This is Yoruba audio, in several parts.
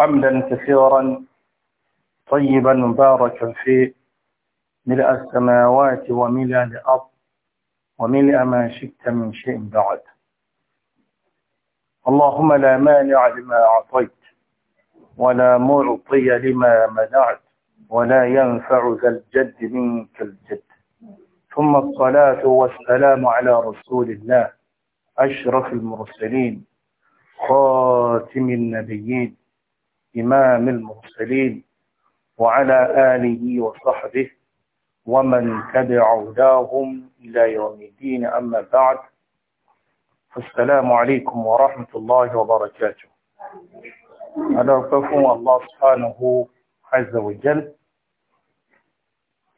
حمدا كثيرا طيبا مباركا فيه ملء السماوات وملء الأرض وملء ما شئت من شيء بعد اللهم لا مانع لما أعطيت ولا معطي لما منعت ولا ينفع ذا الجد منك الجد ثم الصلاة والسلام على رسول الله أشرف المرسلين خاتم النبيين إمام المرسلين وعلى آله وصحبه ومن تبع هداهم إلى يوم الدين أما بعد فالسلام عليكم ورحمة الله وبركاته أدرككم الله سبحانه عز وجل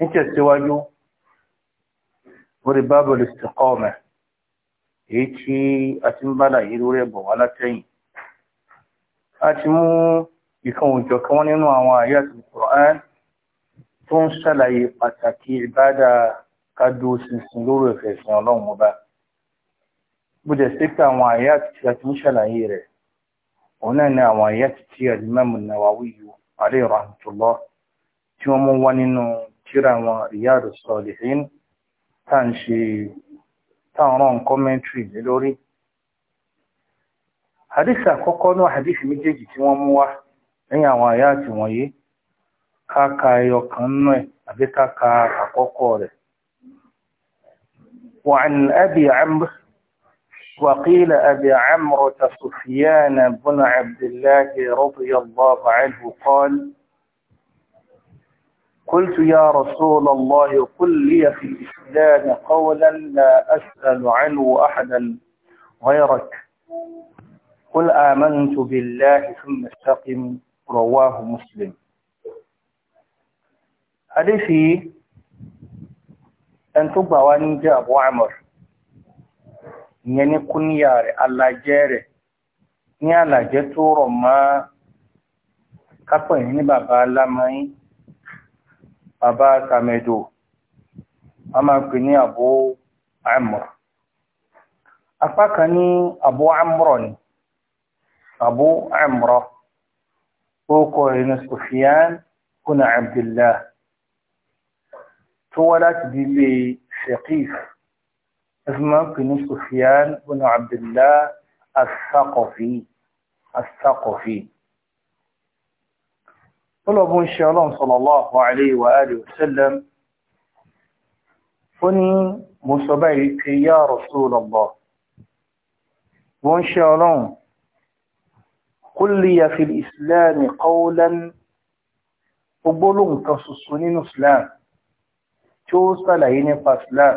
انت السواج ورباب الاستقامة èyí أتمنى a بغلتين أتمنى ìkan òjò kan wọ́n nínú àwọn àyà tó Qur'an tó ń ṣàlàyé pàtàkì ìbádà kádó sinsin lórí ẹ̀fẹ̀ ìsìn ọlọ́run ọba bó dẹ̀ sí pé àwọn àyà tí a ti ń ṣàlàyé rẹ̀ òun náà ni àwọn àyà tí alimami Nawawi yìí alayhi rahmatullah tí wọ́n mú wá nínú tíra wọn Riyadu Salihin tá à ń ṣe táwọn rán kọ́mẹ́ntìrì lórí. hadith àkọ́kọ́ náà hadith méjèèjì tí wọ́n mú wá lẹ́yìn àwọn àyáàtì wọ̀nyí ká káàkà àkọ́kọ́ káàkà akoko re وعن أبي عمرو وقيل أبي عمرو سفيان بن عبد الله رضي الله عنه قال قلت يا رسول الله قل لي في الإسلام قولا لا أسأل عنه أحدا غيرك قل آمنت بالله ثم استقم رواه مسلم. adéfì ẹn tó gbà wá ní عمر، يعني Amr ìyẹn ní kúníyà rẹ̀ alájẹ́ rẹ̀ ní àlàjẹ́ tó rọ̀ mọ́ kápọ̀ yìí ní bàbá alámọ́yìn bàbá sàmẹ̀dò Abu Amr apá kan Abu Amr ni Abu Amr orúkọ rẹ̀ ní Sufyan kúnà Abdullah tó wá láti dílé Shaqif ẹ̀fọ́n pè ní Sufyan kúnà Abdullah as-Saqafi as-Saqafi طلبوا إن شاء الله صلى الله عليه وآله وسلم فني مصبعك يا رسول الله وإن kúlìyà fi ìsìláàmì kọ́ọ̀lán ogbólóhùn kan ṣoṣo nínú islam tí ó sàlàyé nípa islam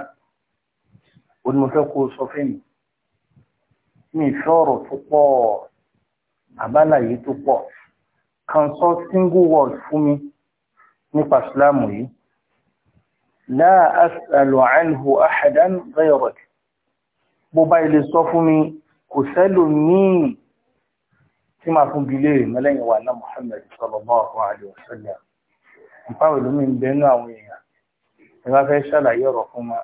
onímọ̀fẹ́ kó sọ fẹ́mi ní ìṣọ́rọ̀ tó pọ̀ àbálàyé tó pọ̀ kan sọ single word fún mi nípa islam yìí láà asàlù àìlú àhàdán rẹ̀ bó bá ilé sọ fún mi kò sẹ́lò míì tí màá fún bilé ìmọ́lẹ́yìn wà náà Muhammad sallallahu alaihi wasallam nípa òlú mi ń bẹnu àwọn èèyàn ẹ bá fẹ́ ṣàlàyé ọ̀rọ̀ fún wa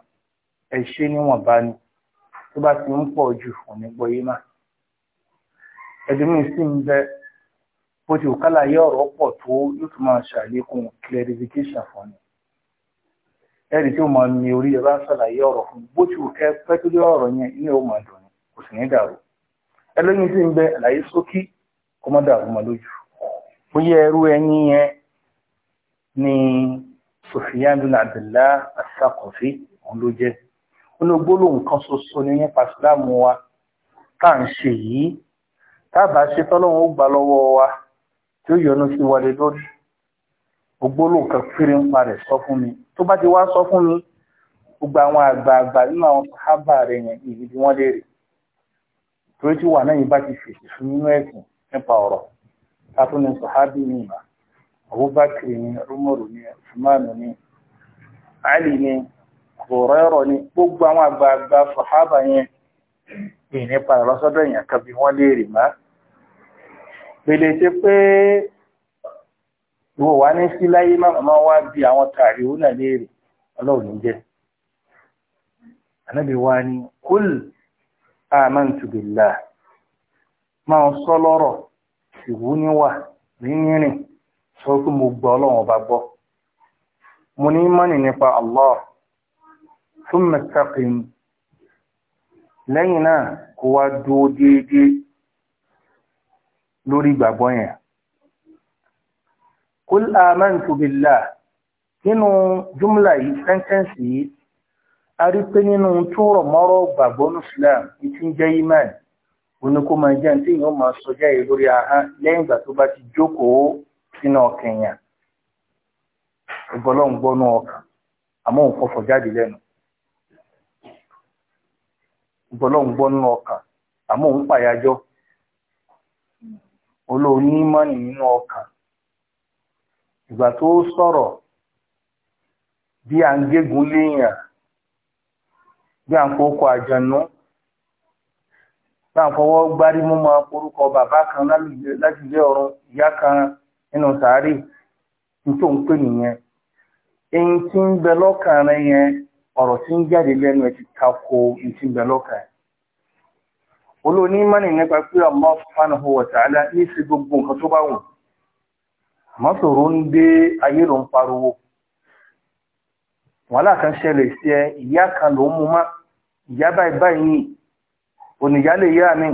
ẹ ṣe níwọ̀nba ni tó bá ti ń pọ̀ jù òní gbọ́yé má ẹdínmí sì ń bẹ bó ti kálàyé ọ̀rọ̀ pọ̀ tó yóò tún máa ṣàlékún clarification fún ni ẹ̀rí tí ó máa mi orí ẹ ṣàlàyé ọ̀rọ̀ fún bó ti kẹ́ pẹ́ tó lé ọ̀rọ̀ yẹn ní ó máa dùn kò sì ní dàrú ẹlẹ́yìn sì ń bẹ àlàyé sókí kó mọ́ dàrú mọ́ lójú bóyá ẹrú ẹyin yẹn ni Sufyan bin Abdullah as-Saqafi òun ló jẹ́ ológbólóhùn kan ṣoṣo ní nípa síláàmù wa tá à ń ṣe yìí tábà ṣe tọ́lọ́run ó gbà lọ́wọ́ wa tí ó yọnu sí wọlé lórí ògbólóhùn kan péré ń parẹ̀ sọ fún mi tó bá ti wá sọ fún mi gbogbo àwọn àgbààgbà nínú àwọn sábà rẹ̀ yẹn ìdí wọ́n lè rè torí tí wà náà yìí bá ti fèsì fún nínú ẹ̀sìn nípa ọ̀rọ̀ tátún ní sọ̀hábì ní ìmá abubakar ní umaru ní usman ní ali ní ọ̀rọ̀ ní gbogbo àwọn àgbààgbà sọ̀hábà yẹn ìní padà lọ́sọ́dọ̀ èèyàn kan bí wọ́n léèrè má pèlè tí pé ìwò wá ní sí láyé má màmá wá bí àwọn tààrí òun náà léèrè ọlọ́run ní jẹ́ ànábì wá kúl amantu máa sọ lọ́rọ̀ ìwú níwà rínrìn sọ pé mo gbọ́ ọlọ́run ọba gbọ́ mo ní mọ́nì nípa Allah fún mẹ́tàkìm lẹ́yìn náà kó wá dúó déédéé lórí ìgbàgbọ́ yẹn kul amantu billah nínú jùmlà yìí sẹ́ńtẹ́ǹsì yìí a rí pé nínú tó mọ́rọ̀ gbàgbọ́ nù ìtí ń jẹ́ imani òní kó máa jẹ́ ní tí yóò máa sọ jáde lórí lẹ́yìn ìgbà tó bá ti jókòó sínú ọkàn yẹn ìbọlọ́n gbọ́nú ọkàn àmọ́ òun fọfọ jáde lẹ́nu ìbọlọ́n gbọ́nú ọkàn àmọ́ òun pàyàjọ́ mọ́nì nínú ọkàn ìgbà tó sọ̀rọ̀ bí à ń léèyàn bí à ń na fọwọ́ gbárí mú máa bàbá kan lájúlé ọ̀run ìyá kan nínú sàárè tó ń pè nìyẹn èyí tí ń bẹ lọ́kàn rẹ yẹn ọ̀rọ̀ tí ń jáde lẹ́nu ẹ̀ ti tako èyí tí ń bẹ lọ́kàn rẹ olóòní gbogbo nǹkan tó bá wù mọ́sòrò ń dé ayé ló ń pariwo wàhálà kan ṣẹlẹ̀ sí ẹ oníyálé ìyá mi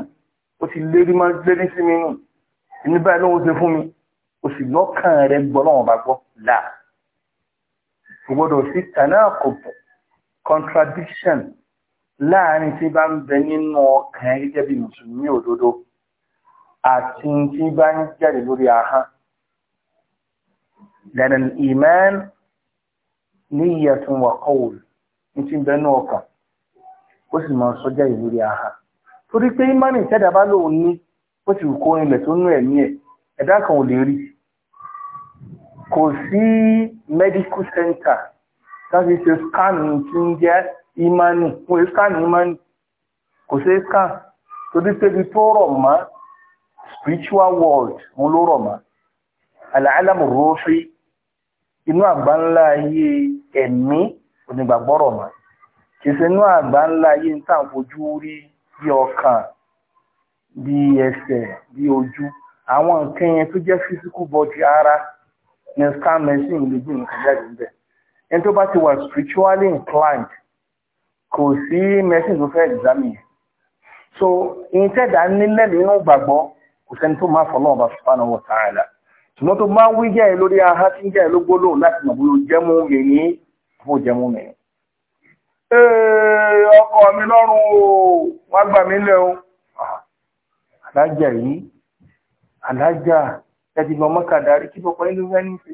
ó ti lérí máa lérí sí mi nù èmi báyìí lóhun ṣe fún mi o sì lọ́kàn rẹ gbọ́ lọ́wọ́n bá gbọ́ là kò sí tanakop contradiction láàrin tí bá ń bẹ nínú ọkàn gẹ́gẹ́ bí mùsùlùmí òdodo àti tí bá ń jáde lórí ahọ́n lẹ́nu ìmán níyẹ̀tún wà kọ́wùl ní tí ń bẹ nínú ọkàn ó sì máa sọ jáde lórí ahọ́n torí pé imani ìṣẹ̀dá bá lóun ní ó sì kó ilẹ̀ tó nú ẹ̀mí ẹ̀ ẹ̀dá kan ò lè rí kò sí medical center láti ṣe scan tí ń jẹ́ imani wọ́n scan imani kò sí scan torí pé ibi tó rọ̀ mọ́ spiritual world wọn ló rọ̀ mọ́ àlàálàmù rọ́ọ̀fì inú àgbá ńlá ayé ẹ̀mí onígbàgbọ́rọ̀ mọ́ kì í ṣe inú àgbá ńlá ayé ń tàn fojú rí bí ọkàn bí ẹsẹ̀ bí ojú àwọn nǹkan yẹn tó jẹ́ physical body ara ní scan medicine lè gbé nǹkan jáde níbẹ̀ ẹni tó bá ti wà spiritually inclined kò sí medicine tó fẹ́ examine so ìyẹn tẹ́dà nílẹ̀ nínú gbàgbọ́ kò sẹ́ni tó máa fọ́ lọ́wọ́ bá subhanahu wa ta'ala ṣùgbọ́n tó máa ń wí jẹ́ lórí ahá tí ń jẹ́ lógbóló láti mọ̀ bóyá ó jẹ́ mú mi ní àbó jẹ́ mú mi ní. Ee, ọkọ mi lọ́rùn o, wọ́n gbà mí lẹ́ o. Àlájà yìí, àlájà, ẹ̀dì gbọmọ́ kàdárí kí ọkọ yín ló ní ṣe.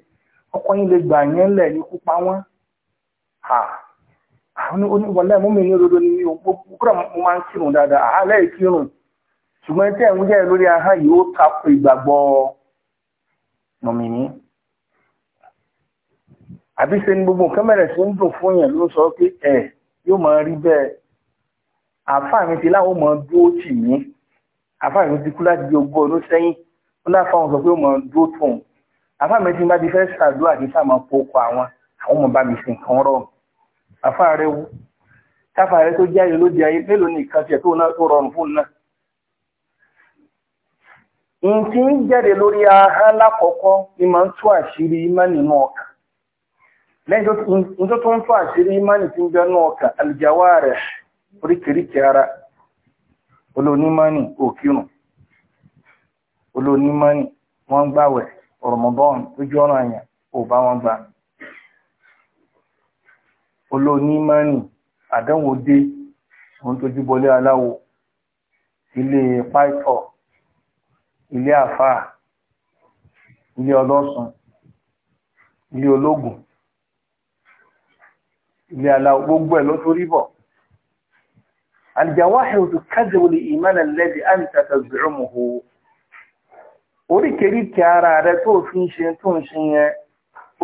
Ọkọ yín lè gbà yẹn lẹ̀ ní kú pa wọ́n. mú mi ní òdodo ni mi ò gbọ́dọ̀ mo máa ń kírun dáadáa, àhálẹ́ ìkírun. Ṣùgbọ́n tẹ́ ń jẹ́ lórí ahọ́n yìí ó tako ìgbàgbọ́ mọ̀mìnì àbí ṣe ni gbogbo nǹkan bẹ̀rẹ̀ sí ń dùn fún yẹn ló sọ pé ẹ̀ yóò mọ̀ rí bẹ́ẹ̀ àfáà mi ti láwọn mọ̀ dúró tì mí àfáà mi ti kú láti di ogún ọdún sẹ́yìn ó láfáwọn sọ pé ó mọ̀ dúró tò ń àfáà mi ti bá ti fẹ́ ṣàdúrà kí sàmọ́ pokọ àwọn àwọn ọmọ bá mi sì nǹkan rọ̀ àfáà rẹ wú káfà rẹ tó jáde ló di ayé mélòó nìkan tiẹ̀ tó náà tó rọrùn fún náà nǹkan jáde lórí ahọ́n lákọ̀ọ́kọ́ ni máa ń tú àṣírí mọ́ nínú ọkàn lẹ́yìn tó tó ń fà àṣírí ìmáni tí ń bẹ náà ka aljawarih oríkèríkè ara olónímánì òkírùn olónímánì wọ́n gbàwẹ̀ Ramadan lójú ọ̀nà àyà ò bá wọn gbà olónímánì àdánwò dé òun tójú bọlé aláwo ilé pàìtọ̀ ilé àfáà ilé ọlọ́sùn ilé ológun ilé aláwọ̀ gbogbo ẹ̀ ló torí bọ̀. àlìjàwáhìrì tó kájẹ̀wò lè ìmánà lẹ́dí àǹtàtà zùrùmùhù ara rẹ tó fi ń ṣe tó ń ṣe yẹn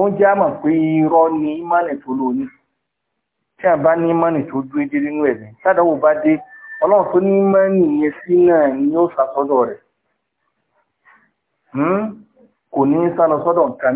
ó jẹ́ àmọ̀ pé ni iman tó tí a bá ní ìmánì tó dúró dé nínú bá dé ọlọ́run tó ní yẹn sí náà ni ó rẹ̀ hmm? kò ní sálọ sọ́dọ̀ nǹkan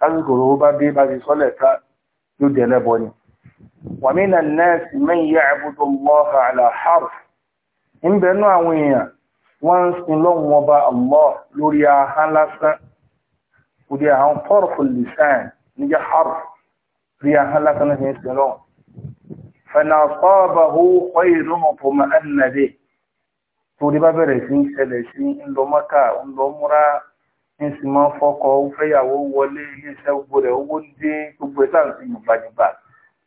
lásìkò owó bá dé bá ti sọ́lẹ̀ ká yóò di ẹlẹ́bọ ni wa mina an-nasi man ya'budu Allaha ala harf ń bẹ nú àwọn èèyàn wọ́n ń sin lọ́wọ́ ọba Allah lórí ahán lásán òde àwọn tọ́rọ̀fù lisan níjẹ́ harf rí ahán lásán náà fi ń sin lọ́wọ́ fẹ̀nà sọ́ọ̀bà ó kọ́ ìlú mọ̀tòmọ̀ ẹ̀ ní sì máa fọ́kọ fẹ́yàwó wọlé iléeṣẹ́ gbogbo rẹ̀ owó dé gbogbo ẹ̀ sáà sí ìgbàjọba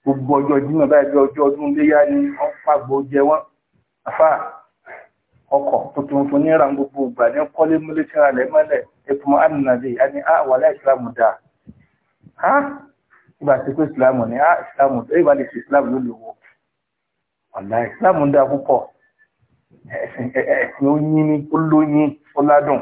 gbogbo ọjọ́ ìdímọ̀ báyìí bí ọjọ́ ọdún léyà ni wọ́n pàgbọ́ jẹ wọ́n àfà ọkọ̀ tuntun tó ní ìran gbogbo ìgbà ní kọ́lé múlé tí ara rẹ̀ mọ́lẹ̀ ẹ̀fọn ànínàdé a ní àwọn alẹ́ ìsìlámù dáa ha ìgbà tí pé ìsìlámù ni a ìsìlámù tó ìbá lè ṣe ìsìlámù ló lè wọ ọ̀la ìsìlámù dáa púpọ̀ ẹ̀sìn ó yín ní ó lóyún ó ládùn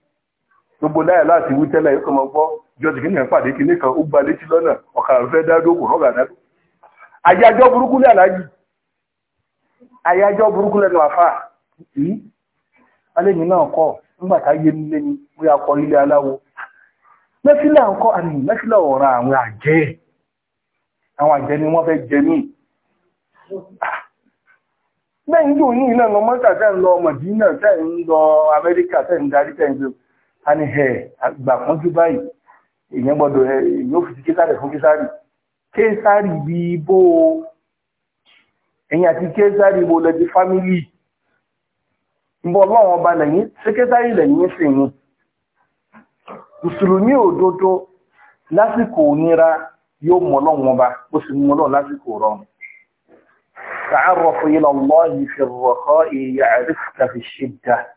gbogbo láyà láti wí tẹ́lẹ̀ yóò kàn máa gbọ́ jọ́sì kí pàdé kí nìkan ó gba létí lọ́nà ọ̀kadà fẹ́ dá dógùn ọ̀gá dádó. àyájọ́ burúkú ní àlájì àyájọ́ burúkú lẹ́nu àfà alẹ́mi náà kọ́ nígbà tá yé mi lẹ́ni mo yà kọ́ ilé aláwo. mẹ́fílà ń kọ́ àmì mẹ́fílà ọ̀ràn àwọn àjẹ́ àwọn àjẹ́ ni wọ́n fẹ́ jẹ mí. lẹ́yìn yóò ní ìlànà mọ́tà tẹ́ ń lọ a ní ẹ̀ àgbà pọ́njú báyìí èèyàn gbọ́dọ̀ ẹ̀ yóò fi ti késàrì fún késàrì késàrì bí bó ẹ̀yìn àti késàrì bó lẹ́ti fámílì ìbọn ọlọ́run ọba lẹ́yìn ṣé késàrì lẹ́yìn sì ni mùsùlùmí òdodo lásìkò nira yóò mọ ọlọ́run ọba ó sì mú ọlọ́run lásìkò rọrùn ta'arrafu ila Allahi fi rakhai ya'rifka fi ash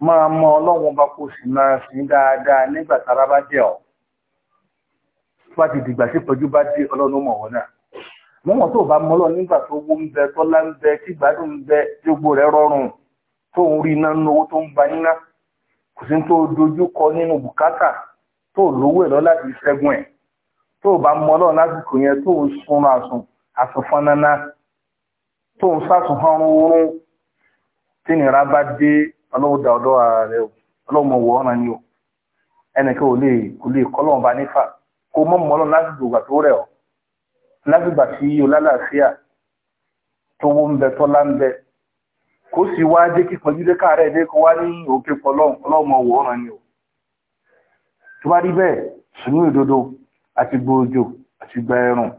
máa mọ ọlọ́run bá kó sì máa sìn dáadáa nígbà tára bá jẹ́ ọ́ bá ti dìgbà sí pẹ̀jú bá dé ọlọ́run mọ̀ wọ́n náà mọ́mọ́ tó bá mọ́lọ́ nígbà tó wó ń bẹ tọ́lá ń bẹ tí gbádùn ń bẹ tí gbogbo rẹ̀ rọrùn tó ń rí iná nínú owó tó ń ba níná kò sí tó dojú kọ nínú bùkátà tó lówó ẹ̀ lọ láti ṣẹ́gun ẹ̀ tó bá mọ́lọ́ lásìkò yẹn tó ń sunra àsùn àsùnfọ́n náná tó ń sásùn hàn tí nìra bá dé ọlọ́wọ́ da ọ̀dọ́ a rẹ o ọlọ́wọ́ mọ̀ wọ ọ̀ràn ni o ẹnìkan ò lè kò lè kọ́ lọ́wọ́ bá nífà kó mọ́ mọ́ lọ láti tó rẹ̀ ọ́ láti gbà olálàáfíà tó wó bẹ kó sì wá káàárẹ̀ dé kó wá ní òkè o tó bá rí bẹ́ẹ̀ sùnú ìdodo àti gbòòjò àti gba ẹrùn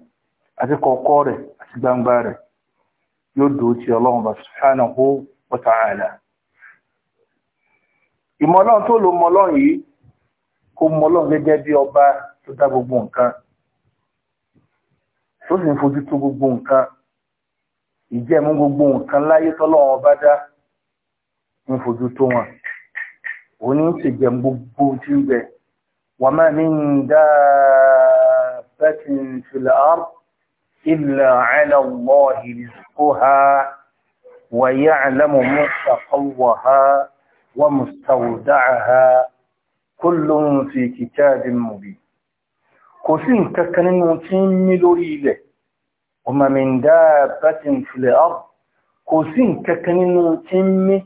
àti kọ̀ọ̀kọ́ ìmọ̀lọ́n tó lò mọ̀lọ́n yìí kó mọ̀lọ́n gẹ́gẹ́ bí ọba tó dá gbogbo nǹkan tó sì ń fojú tó gbogbo nǹkan ìjẹ́mú gbogbo nǹkan láyé tọ́lọ́wọ́n bá dá ń fojú tó wọn òní ń ṣèjẹm gbogbo tí ń bẹ wa ma min dabbatin fil ard illa ala Allahi rizquha wa ya'lamu mustaqarraha ومستودعها كل في كتاب مبين كوسين ككن نوتين ملوريله وما من دابة في الأرض كوسين ككن نوتين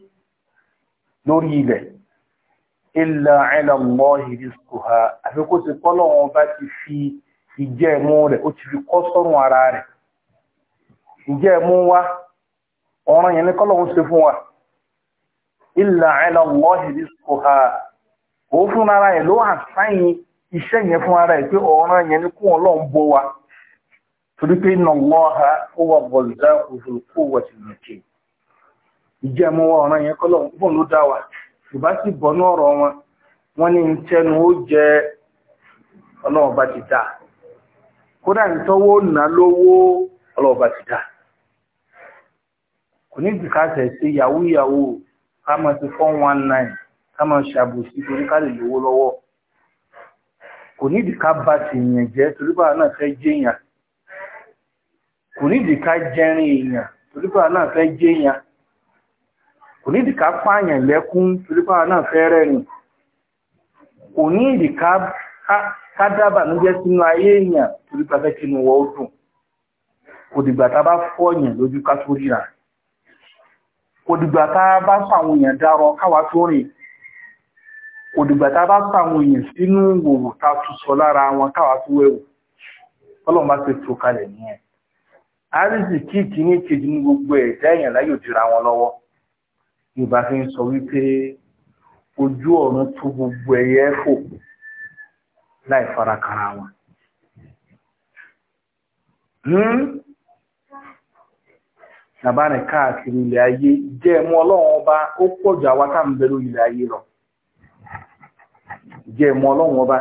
لوريله إلا على الله رزقها أفكوس قلوا باتي في ìjẹ́mú rẹ̀ ó ti fi kọ́ sọ́rùn ara rẹ̀ ìjẹ́mú wa ọ̀ràn yẹn ní kọ́lọ̀ ń ṣe fún wa illa ala Allahi rizquha o fún ara ẹ̀ ló àṣàyìn iṣẹ́ yẹn fún ara ẹ̀ pé ọ̀ràn yẹn ní kún ọlọ́run bó wa torí pé inna Allaha huwa ar-razzaqu dhul quwwati al-matin ìjẹ́mú ọ̀ràn yẹn kọ́lọ̀ bọ́n ló dá wa ìbá sì ọ̀rọ̀ wọn ó jẹ ti dá kódà nà lówó ti dá kò ní ìdíkàtẹ̀ sí ká máa ti four one nine ká máa ṣàbòsí torí ká lè lówó lọ́wọ́ kò nídìí ká bá ti èèyàn jẹ́ torí báwa náà fẹ́ jẹ́ èèyàn kò nídìí ká jẹ́rin èèyàn torí báwa náà fẹ́ jẹ́ èèyàn kò nídìí ká pààyàn lẹ́kún torí báwa náà fẹ́ rẹ́rìn kò nídìí ká ká dábàá nújẹ́ sínú ayé èèyàn torí báwa fẹ́ kínú wọ́ ó dùn kò dìgbà tá a bá fọ́ èèyàn lójú ká tó ríra òdìgbà tá a bá sàwọn èèyàn dárọ káwà tó rìn òdìgbà tá a bá sàwọn èèyàn sínú òwò ta a lára wọn káwà tó wẹ̀wò ọlọ́run ti tó kalẹ̀ nìyẹn àrísì kí kìíní kejì ní gbogbo èèyàn gbogbo ẹ̀yẹ fò láì farakara wọn. Hmm? tàbárìn káàkiri ilẹ̀ ayé jẹ́ ẹmú ọlọ́run ọba ó pọ̀jù àwa tá ń bẹ ilẹ̀ ayé lọ jẹ́ ẹmú ọlọ́run ọba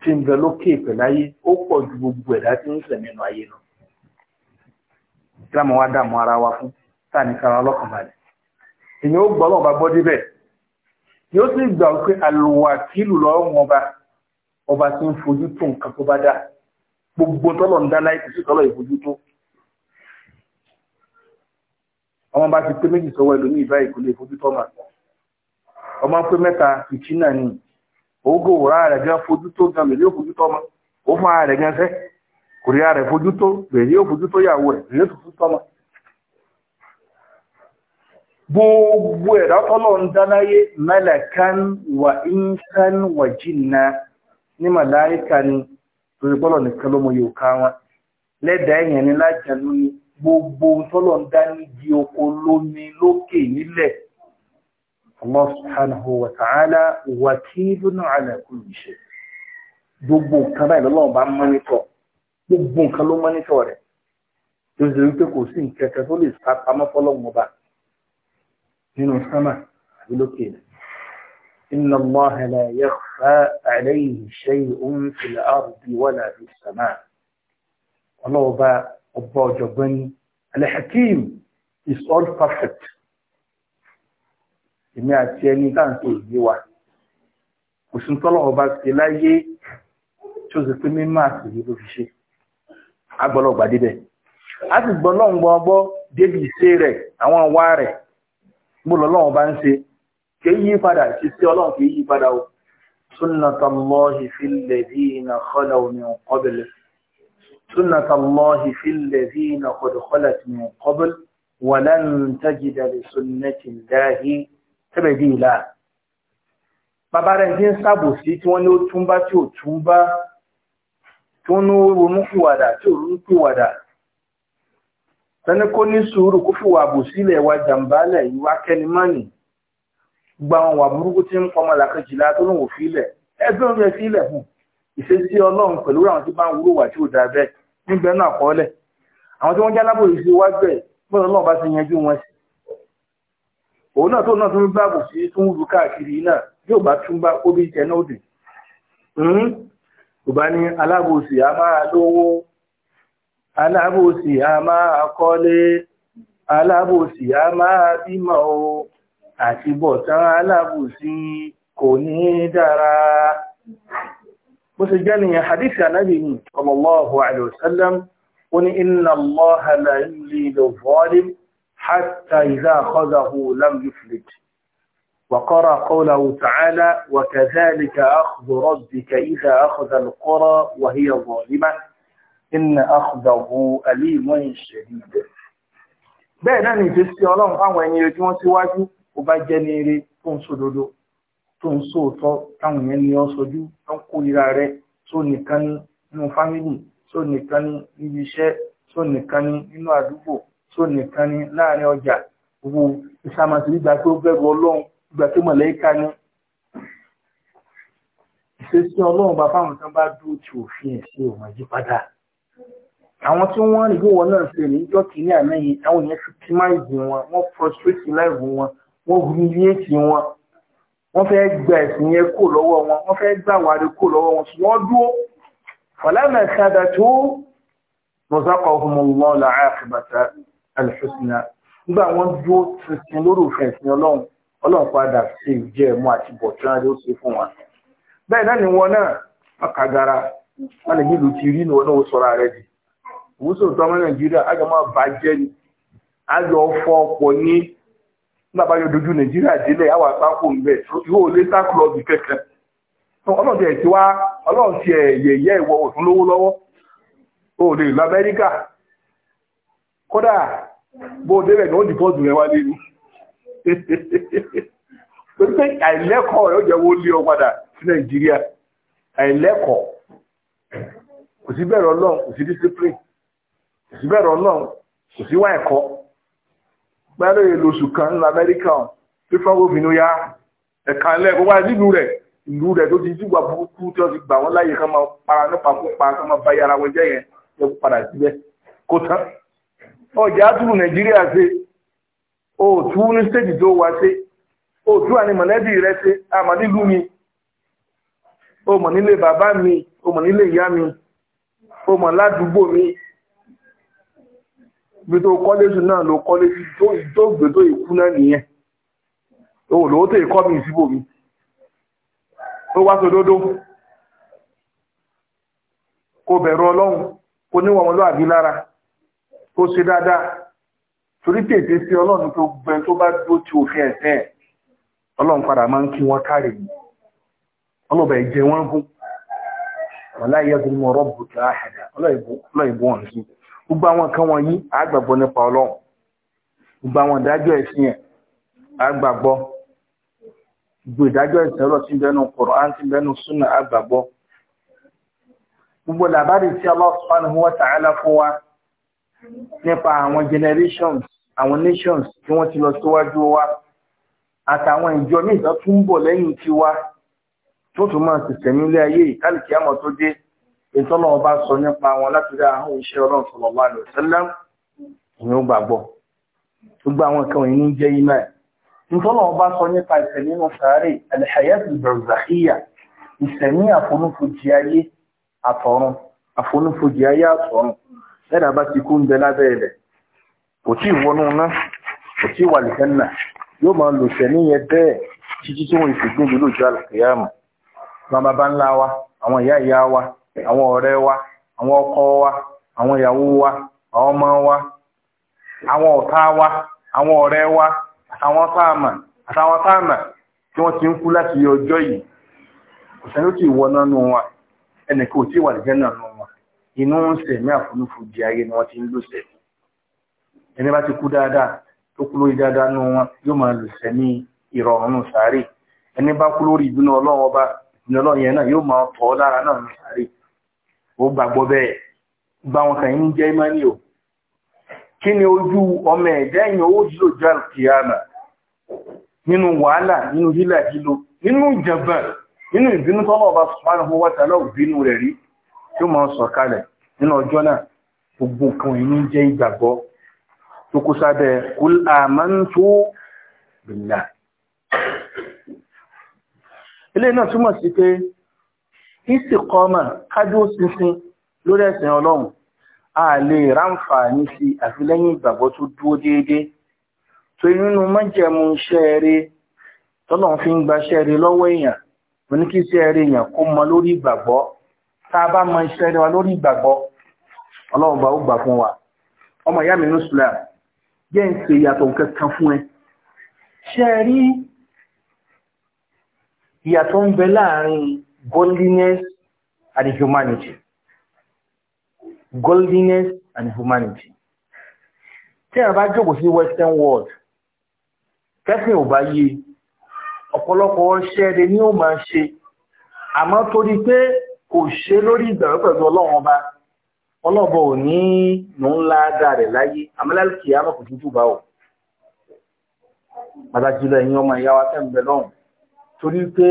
tí ń bẹ lókè pẹ̀lú ayé ó gbogbo ẹ̀dá tí ń sẹ̀ nínú ayé lọ láàmú wa dààmú ara wa fún tá kára ọlọ́kàn balẹ̀ èyàn ó gbọ́ ọlọ́run ọba gbọ́ débẹ̀ yóò sì gbà lọ́rùn ọba ọba tí ń fojú tó nǹkan tó bá ọmọ bá ti pé méjì sọ́wọ́ ẹlòmíì báyìí kò lè fojú tọ́mà ọmọ pé mẹ́ta ìtìnà ni ògò rà rẹ̀ gan fojú tó gan lè yóò fojú tọ́mà ó fún ara rẹ̀ gan fẹ́ kò rí ara rẹ̀ fojú tó lè yóò fojú tó yàwó rẹ̀ lè yóò fojú tọ́mà. gbogbo ẹ̀dá tọ́lọ̀ ń dáláyé mẹ́lẹ̀kán wà ínkán wà jìnnà ní màláìka ni torí bọ́lọ̀ nìkan ló mọ yòókà wọn lẹ́dàá ẹ̀yàn ní lájànú ni gbogbo tọ́lọ̀ ń dá níbi oko lómi lókè nílẹ̀ Allah subhanahu wa ta'ala wakilun ala kulli shay gbogbo nǹkan báyìí lọ́lọ́run bá mọ́nítọ̀ gbogbo nǹkan ló mọ́nítọ̀ rẹ̀ tó ṣe wípé kò sí nǹkan kan tó lè inna Allaha la yakhfa alayhi shay'un fil ardi wala fis samaa ọlọ́ọ̀ba ọba ọ̀jọ̀gbọ́n ni Al-Hakim is all perfect èmi àti ẹni táǹtò ìgbé wa òsùn tọ́lọ̀ ọba ṣe láyé tí ó sì pé mímọ́ àtìrí ló fi ṣe agbọ́lọ́gbà débẹ̀ a ti gbọ́ lọ́ngbọ́n ọgbọ́ débi ìṣe rẹ̀ àwọn wá rẹ̀ mo lọ lọ́wọ́ bá ń ṣe kì í yí padà sí sí ọlọ́run kì í yí padà o sunnatallahi fil ladina khalaw min qabl سنة الله في الذين قد خلت من قبل ولن تجد لسنة الله تبديلا bàbá rẹ̀ tí ń ṣàbòsí tí wọ́n ní ó túnbá tí ò túnbá tí wọ́n ní ó ronú pìwàdà tí ò ronú pìwàdà tẹ́ni kó ní sùúrù kó fìwà àbòsílẹ̀ wa jàǹbálẹ̀ ìwà kẹnimánì gba àwọn wà burúkú tí ń pọmọ làkejìlá tó lóun ò fílẹ̀ ẹgbẹ́ òun rẹ̀ fílẹ̀ fún ìṣesí ọlọ́run pẹ̀lú àwọn tí bá ń wúrò wà tí ò dá bẹ́ẹ̀ níbẹ̀ náà kọ́ọ́lẹ̀ àwọn tí wọ́n já lábòrò sí wájú ẹ̀ bọ́ọ̀lù náà bá ti yanjú wọn sí òun náà tó náà tún báàbò sí tún rú káàkiri náà yóò bá tún bá ó bí tẹ náà dì kò hmm? bá ní alábòsí a máa lówó alábòsí a máa kọ́lé alábòsí a máa bímọ o àti bọ̀tán alábòsí kò ní dára bó ṣe jẹ́ nìyẹn hadithi anabi yìí sallallahu alayhi wa sallam ó ní inna allaha la yudhillu وقرأ قوله تعالى وكذلك أخذ ربك إذا أخذ القرى وهي ظالمة إن أخذه أليم شديد bẹ́ẹ̀ náà ni ìfẹ́ sí ọlọ́run fáwọn ẹni rẹ̀ tí wọ́n síwájú ó bá jẹ́ ní eré tó tó ń sóòótọ́ táwọn èèyàn ní ọ sojú tó ń kórìíra rẹ tó nìkan ní nínú fámìlì tó nìkan ní níbi iṣẹ́ tó nìkan ní nínú àdúgbò tó nìkan ní láàrin ọjà gbogbo ìsàmàtì gbígbà tó bẹ̀rù ọlọ́run gbígbà tó mọ̀lẹ́ka ní ìṣesí ọlọ́run bá fáwọn tán bá dúró tí òfin ẹ̀sìn ò máa yí padà àwọn tí wọ́n rí bí wọn náà ṣe ní ìjọ kìíní àná yìí àwọn èèyàn fi máa ìdí wọn wọ́n frustrate láìwò wọn wọ́n humiliate wọn wọ́n fẹ́ gba ẹ̀sìn yẹn kó lọ́wọ́ wọn wọ́n fẹ́ gbà wàrí kó lọ́wọ́ wọn wọ́n dúró fọlẹ́mẹ̀ sáadà tó mọ̀sákọ̀ ọ̀húnmọ̀lọ́ nígbà wọ́n ọlọ́run padà sí ìjẹ́ ẹ̀mú àti ṣe fún bẹ́ẹ̀ náà ni nígbà yóò dojú nàìjíríà délẹ̀ àwọn àpapọ̀ ńbẹ yóò lé sákúlọ̀bì kẹ̀kẹ́ ọlọ́run tiẹ̀ ti wá ọlọ́run tiẹ̀ yẹ̀yẹ́ ìwọ òtún lówó lọ́wọ́ o lè lọ amẹ́ríkà kódà bó o débẹ̀ ní ó dìpọ́ọ̀tù rẹ wálé ni torí pé àìlẹ́kọ̀ọ́ rẹ̀ ó jẹ́ wó lé ọ padà sí nàìjíríà àìlẹ́kọ̀ọ́ kò sí bẹ̀rẹ̀ ọlọ́run kò sí discipline kò sí bẹ̀rẹ̀ ọlọ́run kò sí wá ẹ̀kọ́ pẹ́lú ìlòsù kan ní amẹ́ríkà tí fọ́n gómìn ó yá ẹ̀ka ńlẹ̀ gbogbo àti ìlú rẹ̀ ìlú rẹ̀ tó ti jìgbà burúkú tí wọ́n ti gbà wọ́n láyè kán máa para nípa kó pa kán máa báyà ara wọn jẹ́ yẹn yẹ kó padà síbẹ̀ kó tán. ọjà àtúrù nàìjíríà ṣe òtú ní stéèjì tó wá ṣe òtú àní mọ̀lẹ́bí rẹ ṣe àmọ́ nílùú mi ó bàbá mi ó ìyá mi ó mi bí to kọ́lé sí náà ló kọ́lé sí tó gbé tó ikú náà nìyẹn o lówó tó ikọ́ mi síbò mi tó wá sódódó kó bẹ̀rù ọlọ́run kó níwọ̀n wọn lóàbí lára kó ṣe dáadáa torí tètè sí ọlọ́run tó gbẹ tó bá dó ti òfin ẹ̀sẹ̀ ọlọ́run padà máa ń kí wọn káre gbogbo àwọn nǹkan wọ̀nyí a gbàgbọ́ nípa ọlọ́run gbogbo àwọn ìdájọ́ ẹ̀sìn ẹ̀ a gbàgbọ́ gbogbo ìdájọ́ ẹ̀sìn ọlọ́ tí ń bẹnu Kùránì tí ń bẹnu súnà a gbàgbọ́ gbogbo làbárí tí Allah subhanahu wa ta'ala fún wa nípa àwọn generations àwọn nations tí wọ́n ti lọ síwájú wa àtàwọn ìjọ míì tó tún ń bọ̀ lẹ́yìn tiwa tó tún máa sì tẹ̀mí ilé ayé ìkálìkí àmọ́ tó dé ìtọ́lọ̀ ọba sọ nípa wọn láti rí àwọn iṣẹ́ ọlọ́run sallallahu alaihi wasallam ìyẹn ó gbàgbọ́ gbogbo àwọn kan òyìn jẹ́ iná ẹ̀ ìtọ́lọ̀ ọba sọ nípa ìṣẹ̀ nínú sàárè alhayatul barzahiyya ìṣẹ̀ ní àfonúfojì ayé àtọ̀run àfonúfojì bá ti kú ń bẹ lábẹ́ rẹ̀ kò tí ná kò tí yóò máa lò wa àwọn ìyá ìyá wa àwọn ọ̀rẹ́ wa àwọn ọkọ wa àwọn ìyàwó wa àwọn ọmọ wa àwọn ọ̀tá wa àwọn ọ̀rẹ́ wa àtàwọn táàmà àtàwọn táàmà tí wọ́n ti ń kú láti ọjọ́ yìí kò sẹ́ni ó ti wọ náà nù wọn tí wà lẹ́jẹ́ náà nù wọn inú ń ayé ni wọ́n ti ń lò sẹ̀mí ẹni bá ti kú dáadáa tó kú lórí dáadáa nù wọn yóò máa lò ìrọ̀rùn sáré ẹni ó gbàgbọ́ bẹ́ẹ̀ bá wọn kàn ń jẹ́ imani o kí ni ojú ọmọ ẹ̀dá èèyàn ó jùlọ jẹ́ àlùkìyàmà nínú wàhálà nínú hílà hílo nínú ìjàngbọ̀n nínú ìbínú tọ́lọ̀ ọba subhanahu wa ta'ala ìbínú rẹ̀ rí tí ó máa ń sọ̀kalẹ̀ nínú ọjọ́ náà gbogbo kan yìí ń ilé náà túmọ̀ sí pé ìsìkọ́mà kájú sínsín lórí ẹ̀sìn ọlọ́run a lè ráǹfààní sí àfi lẹ́yìn ìgbàgbọ́ tó dúró déédéé tó nínú májẹ̀mú ṣẹ́ẹ̀rẹ́ tọ́lọ́run fi ń gba ṣẹ́ẹ̀rẹ́ lọ́wọ́ èèyàn mo ní kí ṣẹ́ẹ̀rẹ́ èèyàn kó mọ lórí ìgbàgbọ́ tá a bá mọ ṣẹ́ẹ̀rẹ́ wa lórí ìgbàgbọ́ ọlọ́run bá ó gbà fún wa ọmọ ìyá mi ní islam jẹ́ ń ṣe ìyàtọ̀ kankan fún ẹ ṣẹ́ẹ̀rí ìyàtọ̀ ń bẹ láàrin godliness and humanity. Godliness and humanity. Tí a bá jókòó sí Western world, kẹ́sìn ò bá yí, ọ̀pọ̀lọpọ̀ ṣẹ́ẹ̀dẹ̀ ni ó máa ṣe, àmọ́ torí pé kò ṣe lórí ìgbàgbọ́ pẹ̀lú ọlọ́run ọba, ọlọ́bọ̀ ò ní nù ńlá dáa rẹ̀ láyé, àmọ́lẹ́lìkì àmọ́ kò tútù bá ò. Pàtàkì lọ ẹ̀yin ọmọ ìyá wa tẹ́ ń bẹ lọ́hùn, torí pé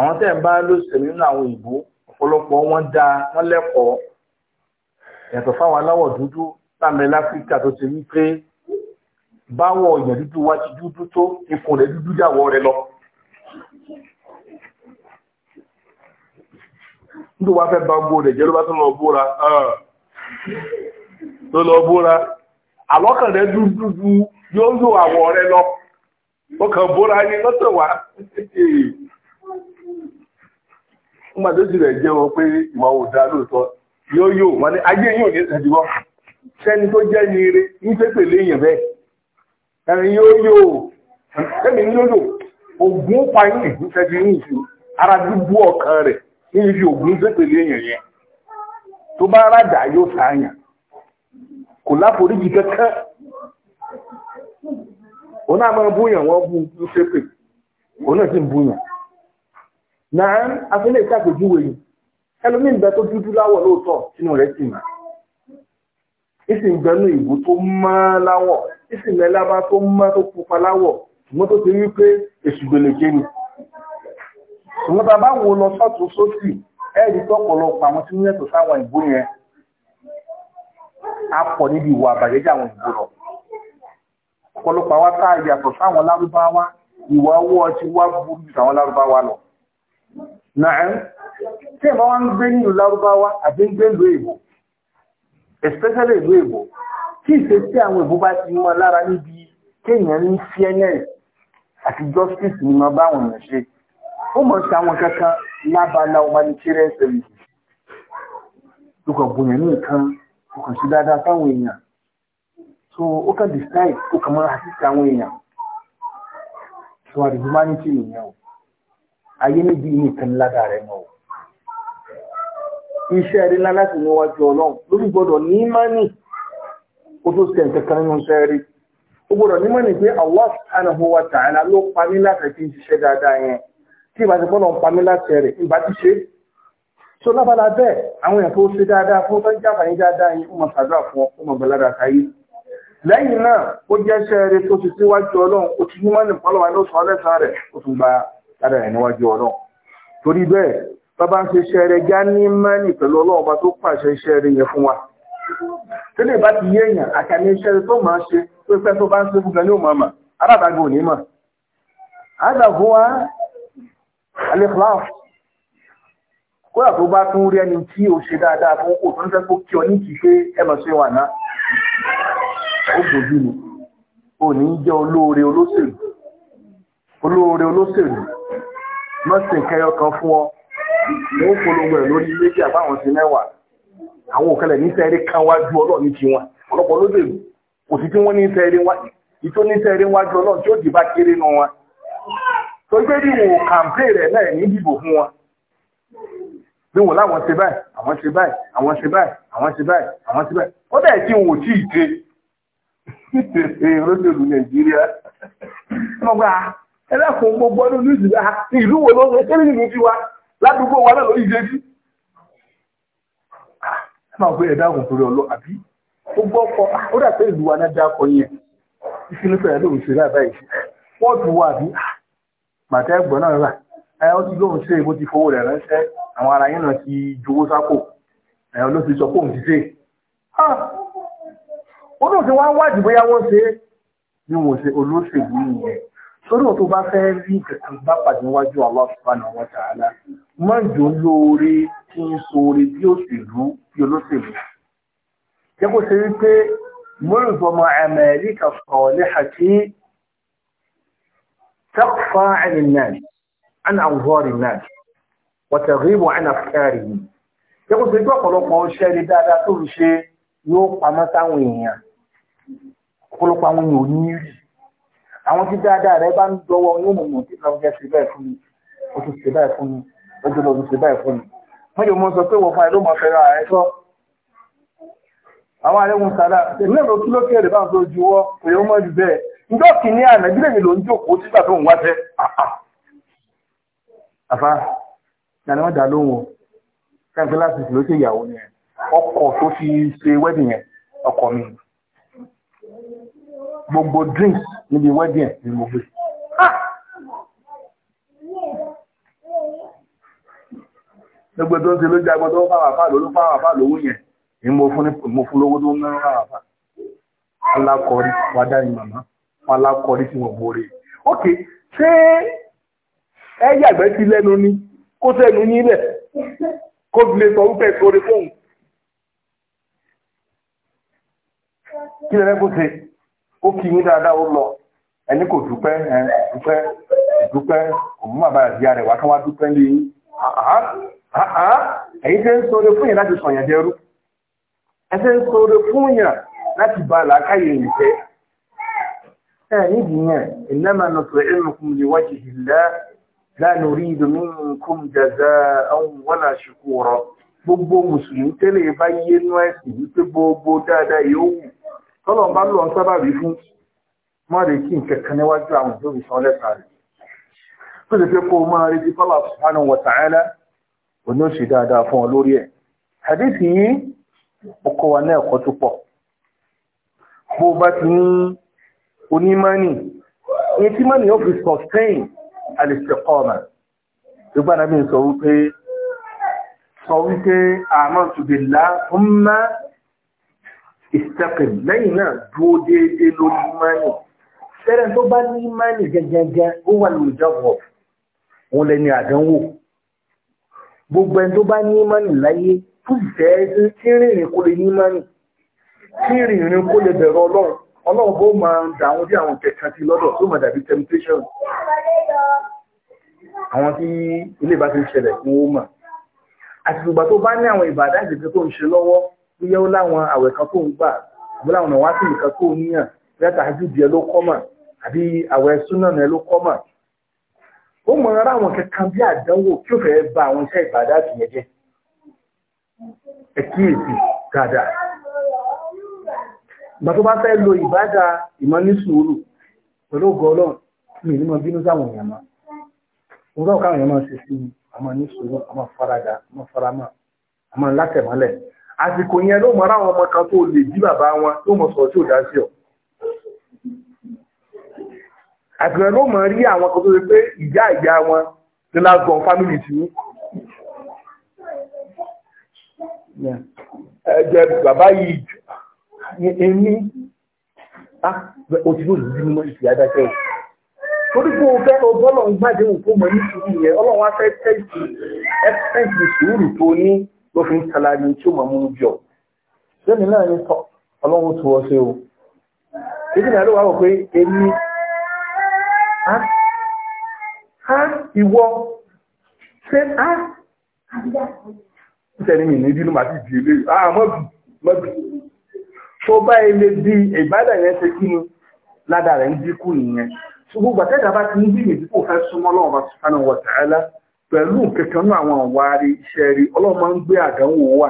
àwọn tẹ́ ń bá lóṣèlú nínú àwọn ìbò ọ̀pọ̀lọpọ̀ wọn dá wọn lẹ́kọ̀ọ́ yàtọ̀ fáwọn aláwọ̀ dúdú láàmì láfíríkà tó ti wí pé báwọ̀ èèyàn dúdú wá ti dúdú tó ikùn rẹ̀ dúdú yàwọ̀ rẹ̀ lọ. nítorí wàá fẹ́ ba gbó rẹ̀ jẹ́ ló bá ah. tó lọ bóra tó lọ bóra àlọ́kàn rẹ̀ dúdú yóò lò àwọ̀ rẹ̀ lọ ó kàn bóra ní lọ́tọ̀ wá. nígbà tó sì rẹ̀ jẹ́ wọn pé ìwà òdà lóòótọ́ yóò yóò wọn ni ayé yóò ní ìsẹ̀dúgbọ́ sẹ́ni tó jẹ́ ní ní pépè léèyàn bẹ́ẹ̀ ẹni yóò yò sẹ́mi pa yín ní ara dúdú ọ̀kan rẹ̀ ní ibi pépè léèyàn yẹn tó bá rájà yóò sàáyàn kò láforíjì òun náà máa búyàn ní náà afẹ́lẹ́ ìṣàpèjúwe yìí ẹlòmíì ń bẹ tó dúdú láwọ̀ lóòótọ́ sínú rẹ̀ sì máa ìsìn gbẹ́nu ìbò tó mọ́ láwọ̀ ìsìn mẹ́lábá tó mọ́ tó pupa láwọ̀ ṣùgbọ́n tó ti rí pé èṣù gbèlèké ni ṣùgbọ́n bàbá wo lọ sọ́tún sósì ẹ̀rí tọ́pọ̀lọpọ̀ àwọn tí níyẹ̀tọ̀ sáwọn ìbò yẹn á pọ̀ níbi ìwà àbàjẹ́jẹ́ àwọn ìbò lọ ọ̀pọ̀lọpọ̀ àwa tá a yàtọ̀ sáwọn lárúbáwá ìwà owó ọtí wá burú ju àwọn lárúbáwá lọ náà tí ìmọ̀ wọn ń gbé ní ìlú lárúbáwá àbí ń gbé ìlú èbò especially ìlú èbò tí ìṣesí àwọn èbó bá ti mọ lára níbi kéèyàn ní fairness àti justice ni mo bá wọn ṣe ó mọ̀ sí àwọn kankan lábala humanitarian services lókọ̀ bóyá ní nǹkan lókọ̀ sí dáadáa fáwọn èèyàn so ó kàn decide ó kàn mọ́ra àti àwọn èèyàn so àdìgbò máa ń tì nìyẹn o ayé méjì nìkan ládàá rẹ̀ mọ́ iṣẹ́ rí ńlá láti níwájú ọlọ́run lórí gbọ́dọ̀ ní mánì ó tó ṣe nǹkan kan nínú iṣẹ́ rí ó gbọ́dọ̀ ní mánì pé Allah subhanahu wa ta'ala ló pa mí láti fi ṣiṣẹ́ dáadáa yẹn tí ìbá ti gbọ́dọ̀ ń pa mí láti rẹ̀ ìbá ti ṣe so lábala bẹ́ẹ̀ àwọn èèyàn tó ṣe dáadáa fún tó ń jàǹfààní dáadáa yẹn ó mọ̀ ṣàdúrà fún ọ káyé lẹ́yìn náà ó jẹ́ iṣẹ́ rí tó ti síwájú ọlọ́run ó ti ní mánì pọ́lọ́wà ló sọ ọ́ rẹ̀ ó tún gba lára ẹ̀ níwájú ọlọ́run torí bẹ́ẹ̀ bàbá ń ṣe ṣẹ́rẹ̀ já ní mẹ́rin pẹ̀lú ọlọ́run bá tó pàṣẹ ṣẹ́rẹ̀ yẹn fún wa tẹ́lẹ̀ bá ti yé èèyàn àkàní ṣẹ́rẹ̀ tó máa ṣe tó fẹ́ tó bá ń ṣe fún gan ní òun màmá arábàgbé òní mọ̀ àdàbò wa alifláf kódà tó bá tún rí ẹni tí ó ṣe dáadáa fún kò tó ń fẹ́ kó kí ọ ní kì í ṣe ẹ mọ̀ ṣe wà ó gbòjú ni òní jẹ́ olóore olóṣèlú olóore olóṣèlú mọ́sí nkẹyọ kan fún ọ wọ́n polongo ẹ̀ lórí méjì àbáwọn sí mẹ́wàá àwọn òkèlè níṣẹ́ rí kan wájú ọlọ́ọ̀ ní tiwọn ọ̀pọ̀lọpọ̀ lóbèrè kò sí tí wọ́n níṣẹ́ rí wájú ìtò níṣẹ́ rí wájú ọlọ́ọ̀ tí ó dìbà kéré nu wọn tó gbé bí wò kàǹpé rẹ̀ náà ní ìdìbò fún wọn bí wò láwọn ṣe báyìí àwọn ṣe báyìí àwọn ṣe báyìí àwọn ṣe báyìí àwọn ṣe báyìí ó dẹ̀ tí wò tí ì ẹlẹ́kùn gbogbo ọdún ní ìdílé ìlú wo ló ṣe kéde nínú tiwa ládùúgbò wa náà lórí ìdẹ́jú. ẹ máa gbé ẹ̀dá òkun torí ọlọ́ àbí gbogbo ọkọ̀ ah, ó dà pé ìlú wa náà dá ọkọ̀ yẹn ìsinmi fẹ̀rẹ̀ lóhùn ṣe láì báyìí wọ́n tún wà bí ah, màtá ẹ̀gbọ́n náà rà ẹ ó ti lóhùn ṣe ìbò ti fowó rẹ̀ ránṣẹ́ àwọn ara yẹn náà ti jowó sápò ẹ̀ ló ti sọ pé òun ti ṣe. Ah, ó lóun ti wá wádìí bóyá wọ́n ṣe é ni wọ́n ṣe olóṣèlú nìyẹn torí wọn tó bá fẹ́ rí kẹ̀kẹ́ bá pàdé níwájú Allah subhanahu wa ta'ala má jò lóore kí n sóore bí òṣèlú bí olóṣèlú jẹ́ kó ṣe wípé mọ́rùn-ún amalika salihati تقفى عن الناس عن أنظار الناس وتغيب عن أفكارهم yẹ́kùn sí pé ọ̀pọ̀lọpọ̀ iṣẹ́ rí dáadáa tó ń ṣe yóò pamọ́ sáwọn èèyàn ọ̀pọ̀lọpọ̀ àwọn èèyàn ò ní rí àwọn tí dáadáa rẹ bá ń dọwọ́ yóò mọ̀ mọ̀ tí ìlànà ṣe báyìí fún mi o ti ṣe báyìí fún mi o ti lọ ṣe báyìí fún mi. wọ́n yóò mọ sọ pé wọ́n fa ìlú mọ̀ fẹ́ra rẹ sọ. àwọn àrẹ́wọ̀n sára èmi náà ló tún lókè bá ń sọ ju wọ́ kò yẹ mọ́ ju bẹ́ẹ̀. ǹjọ́ kìíní àná ìdílé mi ló ń jókòó sígbà tó ń wá tẹ́. àfa ìyànà wọn dà lóhùn o káńtì gbogbo drinks níbi wedding ni mo gbé. Ah! gbogbo tó ń ṣe ló jágbọ́ tó ń fáwọn àfáà ló ló fáwọn àfáà lówó yẹn ni mo fún lówó tó ń mẹ́rin fáwọn àfáà alákọ̀ọ́rí wà dárin màmá wọn alákọ̀ọ́rí tí wọ́n borí ok ṣé ẹ yàgbẹ́ sí lẹ́nu ni kó sẹ́nu yín lẹ̀ kó fi lè sọ wípé sórí fóun kí lẹ́rẹ́ kó ṣe ó kí yín dáadáa ó lọ ẹni kò dúpẹ́ dúpẹ́ dúpẹ́ kò mú bàbá àti ìyá ha wá kí wọ́n dúpẹ́ lé yín ẹ̀yin tẹ́ ń sọ̀rọ̀ fún yín láti sọ̀yàn dẹrú ẹ tẹ́ ń sọ̀rọ̀ fún yín láti ba làákàyè yìí jẹ́ ẹ̀yìn yìnyẹn innama nut'imukum liwajhillah la nuridu minkum jaza'an wala shukura gbogbo mùsùlùmí tẹ́lẹ̀ bá nú ẹ̀sìn wípé gbogbo dáadáa yóò wù tọ́lọ̀ ń bá lọ sábàbí fún mọ́rẹ̀ kí n kẹ̀kẹ́ níwájú àwọn tó fi san lẹ́ta rẹ̀ tó lè fẹ́ kó o máa retí kọ́lá subhanahu wa ta'ala òní ó sì dáadáa fún ọ lórí ẹ̀ hadithi yìí ó wa ní ẹ̀kọ́ tó pọ̀ bó bá ti ní onímọ́nì ní tí mọ́nì ó fi sustain al-istiqama tó gbára bí n sọ wípé sọ wípé amantu billah thumma ìsẹ́kìm lẹ́yìn náà dúó déédé lórí ìmánì fẹ́rẹ̀ tó bá ní ìmánì gẹ́gẹ́gẹ́ ó wà lórí ìjọ́pọ̀ wọn lẹ́ni àdánwò gbogbo ẹni tó bá ní ìmánì láyé tó sì fẹ́ tí rìnrìn kó lè ní ìmánì tí rìnrìn kó lè bẹ̀rọ ọlọ́run ọlọ́run bó máa ń da àwọn tí àwọn kẹ̀kẹ́ ti lọ́dọ̀ tó máa dàbí temptation àwọn tí ilé ìbá ti ń ṣẹlẹ̀ fún ó mà àti ìgbà tó bá ní àwọn ìbàdàn ìgbẹ́ tó ń ṣe lọ́wọ́ bóyá ó láwọn àwẹ̀ kan tó ń gbà àbúrò àwọn ọ̀nà wá sí nìkan tó ń yàn bóyá tàájú díẹ̀ ló kọ́ mọ̀ àbí àwẹ̀ súnànà ló kọ́ mọ̀ ó mọ ara àwọn kankan bí àdánwò kí ó fẹ́ ba àwọn iṣẹ́ ìbàdà àtìyẹn jẹ́ ẹ kíyèsí dáadáa ìgbà tó bá fẹ́ lo ìbádà ìmọ̀ ní sùúrù pẹ̀lú ògo ọlọ́run mi ní mọ bínú sáwọn èèyàn mọ́ mo sọ káwọn èèyàn máa ṣe sí mi àmọ́ ní sùúrù àmọ́ àsìkò yẹn ló mọ̀ ráwọn ọmọ kan tó lè jí bàbá wọn tó mọ̀ sọ̀rọ̀ tí ò dá sí ọ. àsìkò yẹn ló mọ̀ rí àwọn kan tó ṣe pé ìyá ìyá wọn ní lásán fámìlì tí ó. ẹ jẹ bàbá yìí èmi òtí ah, ló lè bí mímọ́ ìfìyà dákẹ́ ò torí pé o fẹ́ o bọ́lọ̀ ń gbàdéhùn fún mọ̀ ní sùúrù yẹn ọlọ́run á fẹ́ tẹ́sì ẹ́fẹ́ǹsì sùúrù tó ní tó fi ń tala ní tí ó mọ̀ múnú jọ lónìí náà ní ọlọ́run tó wọ́n o ìdí náà ló wà wọ́n pé èmi á ìwọ ṣe á ìṣẹ́ni mi ní bínú màá sì di ilé àmọ́ bì mọ́ bì tó bá ilé bí ìbádà yẹn ṣe kí ni ládàá rẹ̀ ń dínkù nìyẹn ṣùgbọ́n gbàtẹ́gà bá ti ń bí ìdíkù fẹ́ súnmọ́ lọ́wọ́ bá sùpánà wọ̀ tààlà pẹ̀lú kankan náà àwọn àwárí iṣẹ́ rí ọlọ́run ń gbé àdánwò wà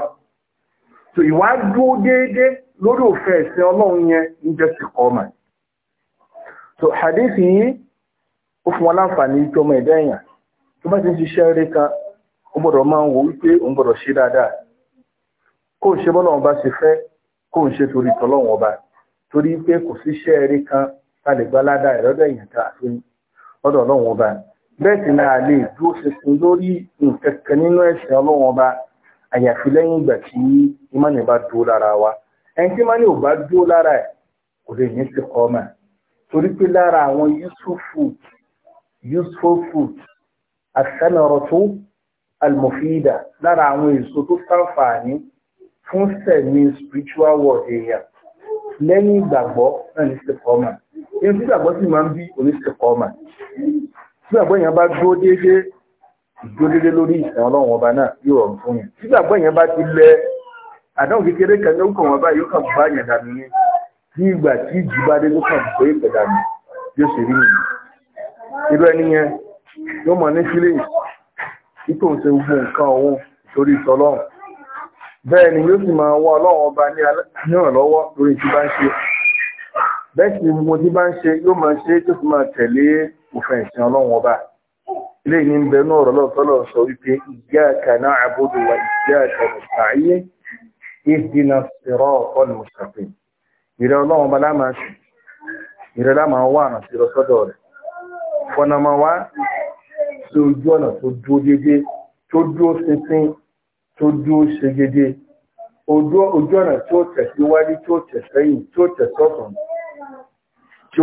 so ìwà dúró déédé lórí òfin ẹ̀sìn ọlọ́run yẹn ń jẹ́ sí kọ́mà so hadithi yìí ó fún wọn láǹfààní tí ọmọ ẹ̀dá èèyàn tó bá ti ń ṣiṣẹ́ rí kan ó gbọ́dọ̀ máa ń wò wípé òun gbọ́dọ̀ ṣe dáadáa kó ń ṣe bọ́lọ́run bá ṣe fẹ́ kó ń ṣe torí tọ́lọ́run ọba torí pé kò síṣẹ́ rí kan tá lè gbá ládàá èèyàn ká àfihàn ọlọ́run ọba bẹ́ẹ̀ sì náà lè dúró ṣinṣin lórí nǹkan kan nínú ẹ̀sìn ọlọ́run ọba àyàfi lẹ́yìn ìgbà tí ìmánì bá dúró lára wa ẹni tí ìmánì ò bá dúró lára ẹ̀ kò lè ní sí kọ́mà torí pé lára àwọn yusufu yusufu àṣánàrọ̀tó almofida lára àwọn èso tó ṣàǹfààní fún sẹ̀mí spiritual world èèyàn lẹ́yìn ìgbàgbọ́ náà ní sí kọ́mà ẹni tí ìgbàgbọ́ sì máa ń bí oníṣẹ́kọ́mà sígbàgbọ́ èèyàn bá dúró déédé dúró déédé lórí ìsìn ọlọ́run ọba náà yóò rọrùn fún yẹn sígbàgbọ́ èèyàn bá ti lẹ àdáhùn kékeré kan ló kàn wọn báyìí yóò kàn bá yẹn dànù ní tí ìgbà tí ìjì bá dé ló kàn bó ìpè dànù yóò ṣe rí nìyí irú ẹni yẹn yóò mọ ní sílé ipò ń ṣe gbogbo nǹkan òun torí ìtọ́lọ́run bẹ́ẹ̀ ni yóò sì máa wọ ọlọ́run ọba ní ìrànlọ́wọ́ lórí tí bá ń ṣe bẹ́ẹ̀ sì gbogbo tí bá ń ṣe yóò máa ṣe tó fi máa tẹ̀lé e òfin ẹ̀sìn ọlọ́run ọba ilé ní ń bẹnú ọ̀rọ̀ lọ́tọ́lọ́ sọ wípé iyyaka na'budu wa iyyaka nasta'in ihdina siratal mustaqim ìrẹ́ ọlọ́run ọba láàmà sí ìrẹ́ láàmà wà àrùn tí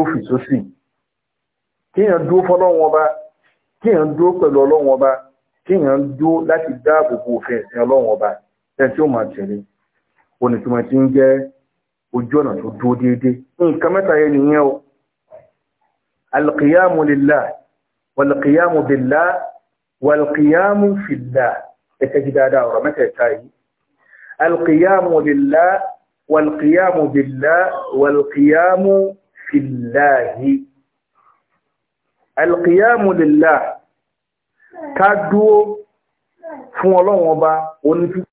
ó fi sósì kíyàn dúó fọ́lọ́wọ́n ọba kíyàn dúó pẹ̀lú ọlọ́wọ́n ọba kíyàn dúó láti dáàbò bo òfin ẹ̀sìn ọlọ́wọ́n ọba ẹni tí ó máa tẹ̀lé onítùmọ̀ tí ń jẹ́ ojú ọ̀nà tó dúó déédéé nǹkan mẹ́ta yẹn nìyẹn o alqiyamu lillah walqiyamu billah walqiyamu fillah ẹ̀kẹ́ jí dáadáa ọ̀rọ̀ mẹ́tẹ̀ẹ̀ta yìí alqiyamu lillah walqiyamu billah walqiyamu fillahi alkiyamu lillah ká dúó fún ọlọ́run ọba oní